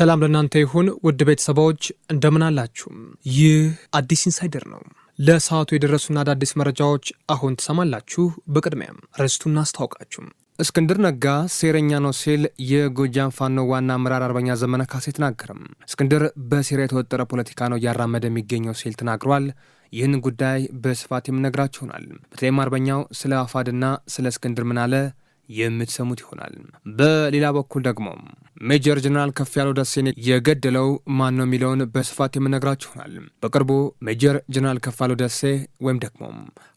ሰላም ለእናንተ ይሁን ውድ ቤተሰባዎች እንደምን ይህ አዲስ ኢንሳይደር ነው። ለሰዓቱ የደረሱና አዳዲስ መረጃዎች አሁን ትሰማላችሁ። በቅድሚያም ርዕስቱን አስታውቃችሁ እስክንድር ነጋ ሴረኛ ነው ሲል የጎጃም ፋኖ ዋና አመራር አርበኛ ዘመነ ካሴ ተናገረም። እስክንድር በሴራ የተወጠረ ፖለቲካ ነው እያራመደ የሚገኘው ሲል ተናግሯል። ይህን ጉዳይ በስፋት የምነግራችሁናል። በተለይም አርበኛው ስለ አፋድና ስለ እስክንድር ምን አለ የምትሰሙት ይሆናል። በሌላ በኩል ደግሞ ሜጀር ጀነራል ከፍ ያለው ደሴን የገደለው ማን ነው የሚለውን በስፋት የምነግራችሁ ይሆናል። በቅርቡ ሜጀር ጀነራል ከፍ ያለው ደሴ ወይም ደግሞ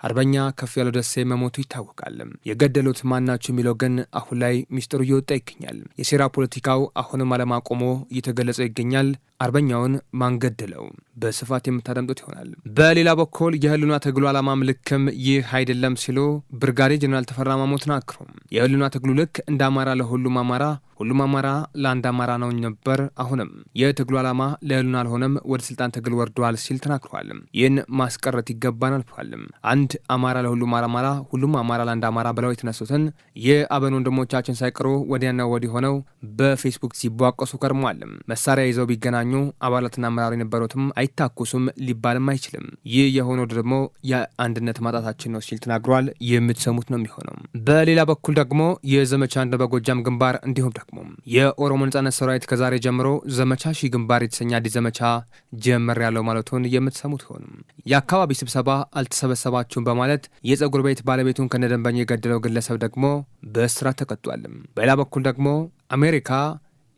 አርበኛ ከፍ ያለው ደሴ መሞቱ ይታወቃል። የገደሉት ናቸው የሚለው ግን አሁን ላይ ሚስጥሩ እየወጣ ይገኛል። የሴራ ፖለቲካው አሁንም አለማቆሞ እየተገለጸ ይገኛል። አርበኛውን ማንገድለው በስፋት የምታደምጡት ይሆናል። በሌላ በኩል የህልና ትግሉ ዓላማም ልክም ይህ አይደለም ሲሉ ብርጋዴ ጀኔራል ተፈራ ማሞ ተናግረዋል። የህልውና ትግሉ ልክ እንደ አማራ ለሁሉም አማራ ሁሉም አማራ ለአንድ አማራ ነው ነበር። አሁንም የትግሉ ዓላማ ለህሉን አልሆነም፣ ወደ ስልጣን ትግል ወርደዋል ሲል ተናግሯል። ይህን ማስቀረት ይገባናል ብሏል። አንድ አማራ ለሁሉም አማራ፣ ሁሉም አማራ ለአንድ አማራ ብለው የተነሱትን የአበን ወንድሞቻችን ሳይቀሩ ወዲያና ወዲህ ሆነው በፌስቡክ ሲቧቀሱ ከርሟል። መሳሪያ ይዘው ቢገናኙ አባላትና አመራሩ የነበሩትም አይታኩሱም ሊባልም አይችልም። ይህ የሆነው ደግሞ የአንድነት ማጣታችን ነው ሲል ተናግሯል። የምትሰሙት ነው የሚሆነው። በሌላ በኩል ደግሞ የዘመቻ አንድ በጎጃም ግንባር እንዲሁም አይደክሙም። የኦሮሞ ነጻነት ሰራዊት ከዛሬ ጀምሮ ዘመቻ ሺ ግንባር የተሰኘ አዲስ ዘመቻ ጀመር ያለው ማለቱን የምትሰሙት ሆኑ የአካባቢ ስብሰባ አልተሰበሰባችሁም በማለት የጸጉር ቤት ባለቤቱን ከነደንበኝ የገደለው ግለሰብ ደግሞ በእስራት ተቀጧል በሌላ በኩል ደግሞ አሜሪካ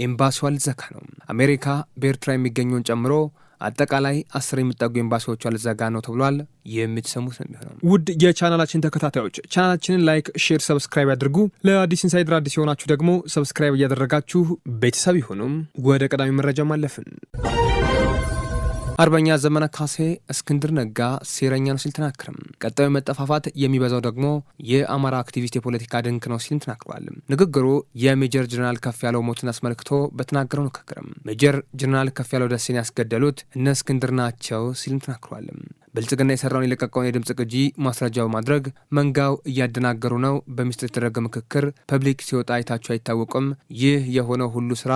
ኤምባሲዋ ልዘጋ ነው። አሜሪካ በኤርትራ የሚገኘውን ጨምሮ አጠቃላይ አስር የሚጠጉ ኤምባሲዎቿ ልዘጋ ነው ተብሏል። የምትሰሙት ነው የሚሆነው። ውድ የቻናላችን ተከታታዮች ቻናላችንን ላይክ፣ ሼር፣ ሰብስክራይብ ያድርጉ። ለአዲስ ኢንሳይድር አዲስ የሆናችሁ ደግሞ ሰብስክራይብ እያደረጋችሁ ቤተሰብ ይሁኑም። ወደ ቀዳሚ መረጃ ማለፍን አርበኛ ዘመነ ካሴ እስክንድር ነጋ ሴረኛ ነው ሲል ተናክርም ቀጣዩ መጠፋፋት የሚበዛው ደግሞ የአማራ አክቲቪስት የፖለቲካ ድንክ ነው ሲል ተናግሯል። ንግግሩ የሜጀር ጀነራል ከፍ ያለው ሞትን አስመልክቶ በተናገረው ንክክርም ሜጀር ጀነራል ከፍ ያለው ደሴን ያስገደሉት እነ እስክንድር ናቸው ሲልም ተናክሯል። ብልጽግና የሰራውን የለቀቀውን የድምፅ ቅጂ ማስረጃ በማድረግ መንጋው እያደናገሩ ነው። በሚስጥር የተደረገ ምክክር ፐብሊክ ሲወጣ አይታችሁ አይታወቅም። ይህ የሆነው ሁሉ ስራ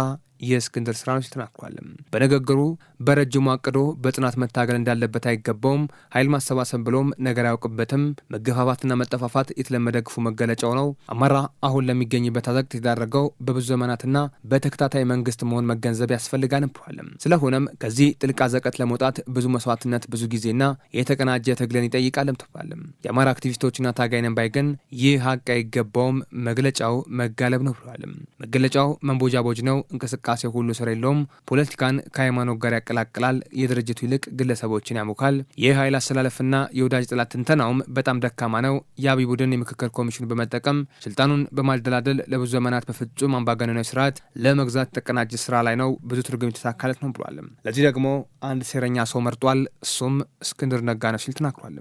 የእስክንድር ስራዎች ተናግሯልም። በንግግሩ በረጅሙ አቅዶ በጽናት መታገል እንዳለበት አይገባውም። ኃይል ማሰባሰብ ብሎም ነገር አያውቅበትም። መገፋፋትና መጠፋፋት የተለመደ ክፉ መገለጫው ነው። አማራ አሁን ለሚገኝበት አዘቅት የተዳረገው በብዙ ዘመናትና በተከታታይ መንግስት መሆን መገንዘብ ያስፈልጋል ብሏልም። ስለሆነም ከዚህ ጥልቅ አዘቀት ለመውጣት ብዙ መስዋዕትነት፣ ብዙ ጊዜና የተቀናጀ ትግልን ይጠይቃልም ተብሏልም። የአማራ አክቲቪስቶችና ታጋይ ነን ባይ ግን ይህ ሀቅ አይገባውም፣ መግለጫው መጋለብ ነው ብሏልም። መገለጫው መንቦጃቦጅ ነው እንቅስቃሴ እንቅስቃሴ ሁሉ ስር የለውም። ፖለቲካን ከሃይማኖት ጋር ያቀላቅላል። የድርጅቱ ይልቅ ግለሰቦችን ያሞካል። ይህ ኃይል አስተላለፍና የወዳጅ ጥላት ትንተናውም በጣም ደካማ ነው። የአብይ ቡድን የምክክር ኮሚሽኑ በመጠቀም ስልጣኑን በማደላደል ለብዙ ዘመናት በፍጹም አምባገነናዊ ስርዓት ለመግዛት ተቀናጀ ስራ ላይ ነው ብዙ ትርጉም የተሳካለት ነው ብሏል። ለዚህ ደግሞ አንድ ሴረኛ ሰው መርጧል። እሱም እስክንድር ነጋ ነው ሲል ተናግሯል።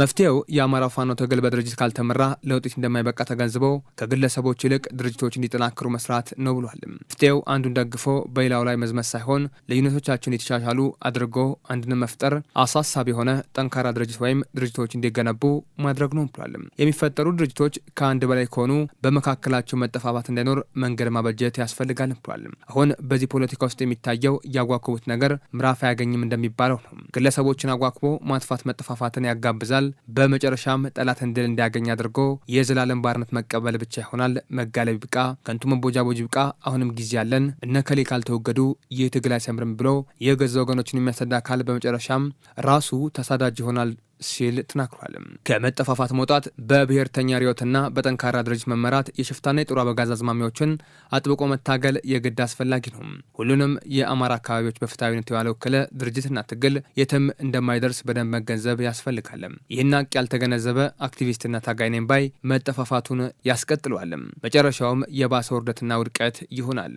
መፍትሄው የአማራ ፋኖ ትግል በድርጅት ካልተመራ ለውጤት እንደማይበቃ ተገንዝበው ከግለሰቦች ይልቅ ድርጅቶች እንዲጠናክሩ መስራት ነው ብሏል። መፍትሄው አንዱን ደግፎ በሌላው ላይ መዝመት ሳይሆን ልዩነቶቻችን የተሻሻሉ አድርጎ አንድን መፍጠር አሳሳቢ የሆነ ጠንካራ ድርጅት ወይም ድርጅቶች እንዲገነቡ ማድረግ ነው ብሏል። የሚፈጠሩ ድርጅቶች ከአንድ በላይ ከሆኑ በመካከላቸው መጠፋፋት እንዳይኖር መንገድ ማበጀት ያስፈልጋል ብሏል። አሁን በዚህ ፖለቲካ ውስጥ የሚታየው ያጓኩቡት ነገር ምራፍ አያገኝም እንደሚባለው ነው። ግለሰቦችን አጓክቦ ማጥፋት መጠፋፋትን ያጋብዛል። በመጨረሻም ጠላት እንድል እንዲያገኝ አድርጎ የዘላለም ባርነት መቀበል ብቻ ይሆናል። መጋለብ ይብቃ፣ ከንቱ መቦጃቦጅ ይብቃ። አሁንም ጊዜ አለን። ነከሌ ካልተወገዱ ይህ ትግል አይሰምርም ብሎ የገዛ ወገኖችን የሚያሰዳ አካል በመጨረሻም ራሱ ተሳዳጅ ይሆናል ሲል ተናግሯል። ከመጠፋፋት መውጣት፣ በብሔርተኛ ርዮትና በጠንካራ ድርጅት መመራት፣ የሽፍታና የጦር አበጋዝ አዝማሚያዎችን አጥብቆ መታገል የግድ አስፈላጊ ነው። ሁሉንም የአማራ አካባቢዎች በፍትሐዊነት የዋለው ክለ ድርጅትና ትግል የትም እንደማይደርስ በደንብ መገንዘብ ያስፈልጋል። ይህን አቅ ያልተገነዘበ አክቲቪስትና ታጋይ ነኝ ባይ መጠፋፋቱን ያስቀጥለዋል። መጨረሻውም የባሰ ውርደትና ውድቀት ይሆናል።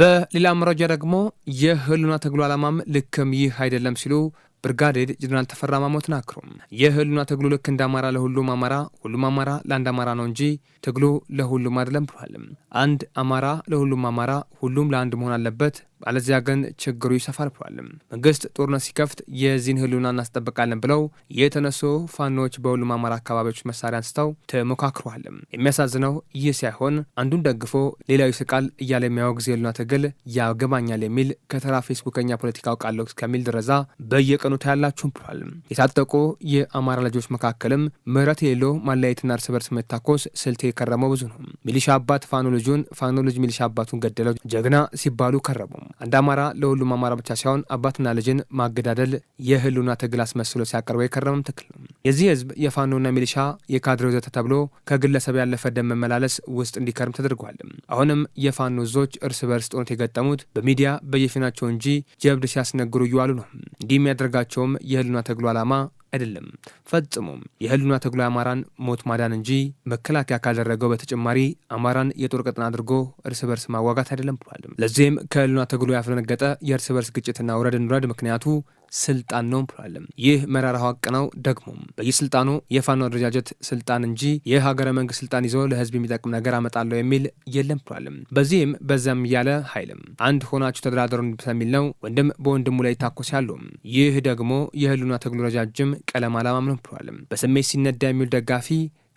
በሌላ መረጃ ደግሞ የህልውና ትግሉ ዓላማም ልክም ይህ አይደለም ሲሉ ብርጋዴር ጀኔራል ተፈራ ማሞ ተናግረዋል። የህልውና ትግሉ ልክ እንደ አማራ ለሁሉም አማራ፣ ሁሉም አማራ ለአንድ አማራ ነው እንጂ ትግሉ ለሁሉም አይደለም ብሏል። አንድ አማራ ለሁሉም አማራ፣ ሁሉም ለአንድ መሆን አለበት አለዚያ ግን ችግሩ ይሰፋል ብሏልም። መንግስት ጦርነት ሲከፍት የዚህን ህልውና እናስጠብቃለን ብለው የተነሱ ፋኖዎች በሁሉም አማራ አካባቢዎች መሳሪያ አንስተው ተሞካክረዋልም። የሚያሳዝነው ይህ ሳይሆን አንዱን ደግፎ ሌላው ይስቃል እያለ የሚያወግዝ የህልውና ትግል ያገባኛል የሚል ከተራ ፌስቡከኛ ፖለቲካ አውቃለሁ እስከሚል ድረዛ በየቀኑ ታያላችሁም ብሏል። የታጠቁ የአማራ ልጆች መካከልም ምህረት የሌለው ማለያየትና እርስ በርስ መታኮስ ስልት የከረመው ብዙ ነው። ሚሊሻ አባት ፋኖ ልጁን፣ ፋኖ ልጅ ሚሊሻ አባቱን ገደለው ጀግና ሲባሉ ከረሙ። አንድ አማራ ለሁሉም አማራ ብቻ ሳይሆን አባትና ልጅን ማገዳደል የህልና ትግል አስመስሎ ሲያቀርበው የከረመም ትክል የዚህ ህዝብ የፋኖና ሚሊሻ የካድሬ ዘተ ተብሎ ከግለሰብ ያለፈ ደም መመላለስ ውስጥ እንዲከርም ተደርጓል። አሁንም የፋኖ ዞች እርስ በርስ ጦርነት የገጠሙት በሚዲያ በየፊናቸው እንጂ ጀብድ ሲያስነግሩ እየዋሉ ነው። እንዲህ የሚያደርጋቸውም የህልውና ትግሉ ዓላማ አይደለም ፈጽሞም። የህልና ትግሉ አማራን ሞት ማዳን እንጂ መከላከያ ካደረገው በተጨማሪ አማራን የጦር ቀጠና አድርጎ እርስ በርስ ማዋጋት አይደለም ብሏል። ለዚህም ከህልና ትግሉ ያፈነገጠ የእርስ በርስ ግጭትና ውረድ ምክንያቱ ስልጣን ነው ብሏለም ይህ መራራ ሀቅ ነው። ደግሞ በየስልጣኑ የፋኖ አደረጃጀት ስልጣን እንጂ የሀገረ መንግስት ስልጣን ይዞ ለህዝብ የሚጠቅም ነገር አመጣለሁ የሚል የለም ብሏለም። በዚህም በዛም እያለ ኃይልም አንድ ሆናችሁ ተደራደሩ ስለሚል ነው ወንድም በወንድሙ ላይ ታኮስ ያሉ። ይህ ደግሞ የህሉና ትግሉ ረጃጅም ቀለም አላማም ነው ብሏልም። በስሜት ሲነዳ የሚውል ደጋፊ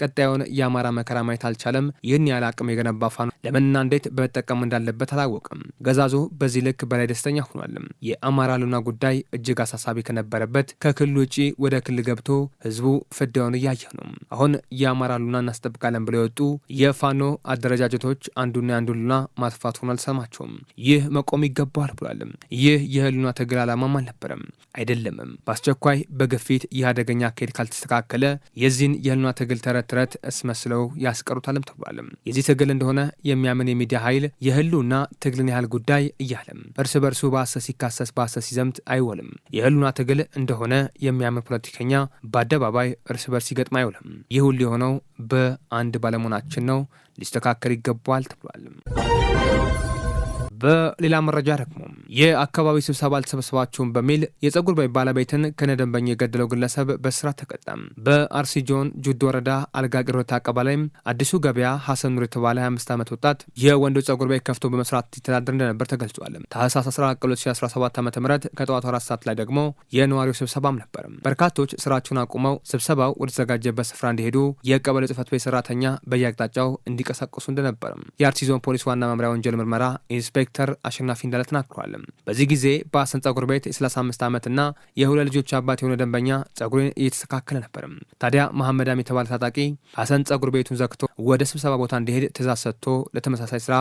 ቀጣዩን የአማራ መከራ ማየት አልቻለም። ይህን ያለ አቅም የገነባ ፋኖ ለምንና እንዴት በመጠቀም እንዳለበት አላወቅም። ገዛዙ በዚህ ልክ በላይ ደስተኛ ሆኗል። የአማራ ሉና ጉዳይ እጅግ አሳሳቢ ከነበረበት ከክልል ውጪ ወደ ክልል ገብቶ ህዝቡ ፍዳውን እያየ ነው። አሁን የአማራ ሉና እናስጠብቃለን ብለው የወጡ የፋኖ አደረጃጀቶች አንዱና የአንዱ ሉና ማጥፋት ሆኖ አልሰማቸውም። ይህ መቆም ይገባዋል ብሏል። ይህ የህሉና ትግል ዓላማም አልነበረም አይደለምም። በአስቸኳይ በግፊት ይህ አደገኛ አካሄድ ካልተስተካከለ የዚህን የህሉና ትግል ተረት ጥረት አስመስለው ያስቀሩታልም ተብሏልም። የዚህ ትግል እንደሆነ የሚያምን የሚዲያ ኃይል የህልውና ትግልን ያህል ጉዳይ እያለም እርስ በርሱ በአሰ ሲካሰስ በአሰ ሲዘምት አይወልም። የህሉና ትግል እንደሆነ የሚያምን ፖለቲከኛ በአደባባይ እርስ በርስ ይገጥም አይውልም። ይህ ሁሉ የሆነው በአንድ ባለመሆናችን ነው፣ ሊስተካከል ይገባል ተብሏል። በሌላ መረጃ ደግሞ የአካባቢ ስብሰባ አልተሰበሰባቸውም በሚል የጸጉር ቤት ባለቤትን ከነደንበኝ የገደለው ግለሰብ በስራ ተቀጣም። በአርሲ ጆን ጁድ ወረዳ አልጋቅር አቀባላይ አዲሱ ገበያ ሐሰን ኑር የተባለ 25 ዓመት ወጣት የወንዶ ጸጉር ቤት ከፍቶ በመስራት ይተዳደር እንደነበር ተገልጿል። ታህሳስ 11 2017 ዓ ም ከጠዋቱ አራት ሰዓት ላይ ደግሞ የነዋሪው ስብሰባም ነበር። በርካቶች ስራቸውን አቁመው ስብሰባው ወደተዘጋጀበት ስፍራ እንዲሄዱ የቀበሌ ጽህፈት ቤት ሰራተኛ በየአቅጣጫው እንዲቀሳቀሱ እንደነበርም የአርሲ ዞን ፖሊስ ዋና መምሪያ ወንጀል ምርመራ ኢንስፔክተር ዶክተር አሸናፊ እንዳለ ተናግሯል። በዚህ ጊዜ በአሰን ጸጉር ቤት የ35 ዓመትና የሁለት ልጆች አባት የሆነ ደንበኛ ጸጉሬን እየተስተካከለ ነበር። ታዲያ መሐመዳም የተባለ ታጣቂ አሰን ጸጉር ቤቱን ዘግቶ ወደ ስብሰባ ቦታ እንዲሄድ ትእዛዝ ሰጥቶ ለተመሳሳይ ስራ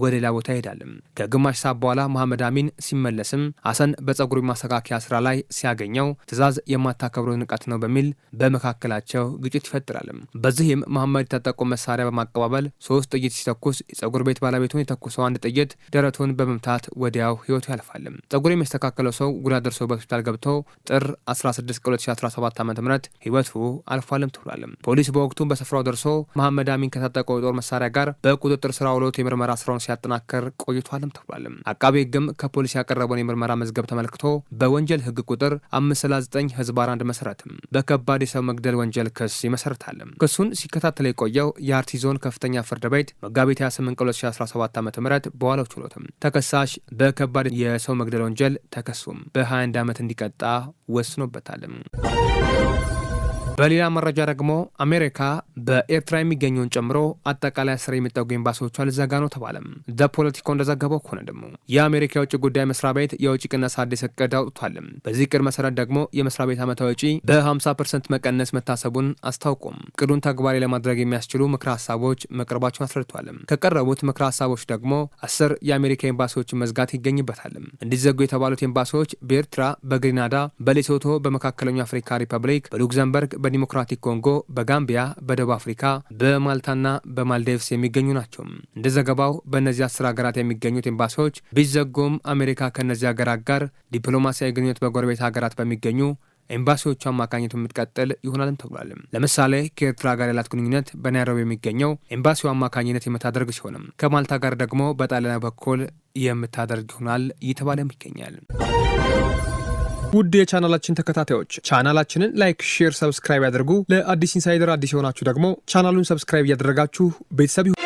ወደ ሌላ ቦታ ይሄዳል። ከግማሽ ሰዓት በኋላ መሐመድ አሚን ሲመለስም አሰን በጸጉሩ ማስተካከያ ስራ ላይ ሲያገኘው ትዕዛዝ የማታከብረው ንቀት ነው በሚል በመካከላቸው ግጭት ይፈጥራል። በዚህም መሐመድ የታጠቁ መሳሪያ በማቀባበል ሶስት ጥይት ሲተኩስ የጸጉር ቤት ባለቤቱን የተኩሰው አንድ ጥይት ደረቱን በመምታት ወዲያው ህይወቱ ያልፋል። ጸጉር የሚስተካከለው ሰው ጉዳት ደርሶ በሆስፒታል ገብቶ ጥር 16 2017 ዓ ም ህይወቱ አልፏልም ተብሏል። ፖሊስ በወቅቱ በስፍራው ደርሶ መሐመድ አሚን ከታጠቀው የጦር መሳሪያ ጋር በቁጥጥር ስራ ውሎት የምርመራ ስራውን ሲያጠናከር ቆይቷልም ተብሏልም። አቃቢ ህግም ከፖሊስ ያቀረበውን የምርመራ መዝገብ ተመልክቶ በወንጀል ህግ ቁጥር 539 ህዝብ አንድ መሰረትም በከባድ የሰው መግደል ወንጀል ክስ ይመሰርታልም። ክሱን ሲከታተል የቆየው የአርሲ ዞን ከፍተኛ ፍርድ ቤት መጋቢት 28 2017 ዓ ም በዋለው ችሎትም ተከሳሽ በከባድ የሰው መግደል ወንጀል ተከሱም በ21 ዓመት እንዲቀጣ ወስኖበታል። በሌላ መረጃ ደግሞ አሜሪካ በኤርትራ የሚገኘውን ጨምሮ አጠቃላይ አስር የሚጠጉ ኤምባሲዎቿ ልዘጋ ነው ተባለም። ዘ ፖለቲኮ እንደዘገበው ከሆነ ደግሞ የአሜሪካ የውጭ ጉዳይ መስሪያ ቤት የውጭ ቅነሳ አዲስ እቅድ አውጥቷል። በዚህ እቅድ መሰረት ደግሞ የመስሪያ ቤት ዓመታዊ ወጪ በ50 ፐርሰንት መቀነስ መታሰቡን አስታውቁም። እቅዱን ተግባራዊ ለማድረግ የሚያስችሉ ምክረ ሀሳቦች መቅረባቸውን አስረድቷል። ከቀረቡት ምክረ ሀሳቦች ደግሞ አስር የአሜሪካ ኤምባሲዎችን መዝጋት ይገኝበታል። እንዲዘጉ የተባሉት ኤምባሲዎች በኤርትራ፣ በግሪናዳ፣ በሌሶቶ፣ በመካከለኛው አፍሪካ ሪፐብሊክ፣ በሉክዘምበርግ በዲሞክራቲክ ኮንጎ፣ በጋምቢያ፣ በደቡብ አፍሪካ፣ በማልታና በማልዴቭስ የሚገኙ ናቸው። እንደ ዘገባው በእነዚህ አስር ሀገራት የሚገኙት ኤምባሲዎች ቢዘጉም አሜሪካ ከእነዚህ ሀገራት ጋር ዲፕሎማሲያዊ ግንኙነት በጎረቤት ሀገራት በሚገኙ ኤምባሲዎቹ አማካኝነት የምትቀጥል ይሆናልም ተብሏል። ለምሳሌ ከኤርትራ ጋር ያላት ግንኙነት በናይሮቢ የሚገኘው ኤምባሲው አማካኝነት የምታደርግ ሲሆንም ከማልታ ጋር ደግሞ በጣሊያን በኩል የምታደርግ ይሆናል እየተባለም ይገኛል። ውድ የቻናላችን ተከታታዮች ቻናላችንን ላይክ፣ ሼር፣ ሰብስክራይብ ያደርጉ። ለአዲስ ኢንሳይደር አዲስ የሆናችሁ ደግሞ ቻናሉን ሰብስክራይብ እያደረጋችሁ ቤተሰብ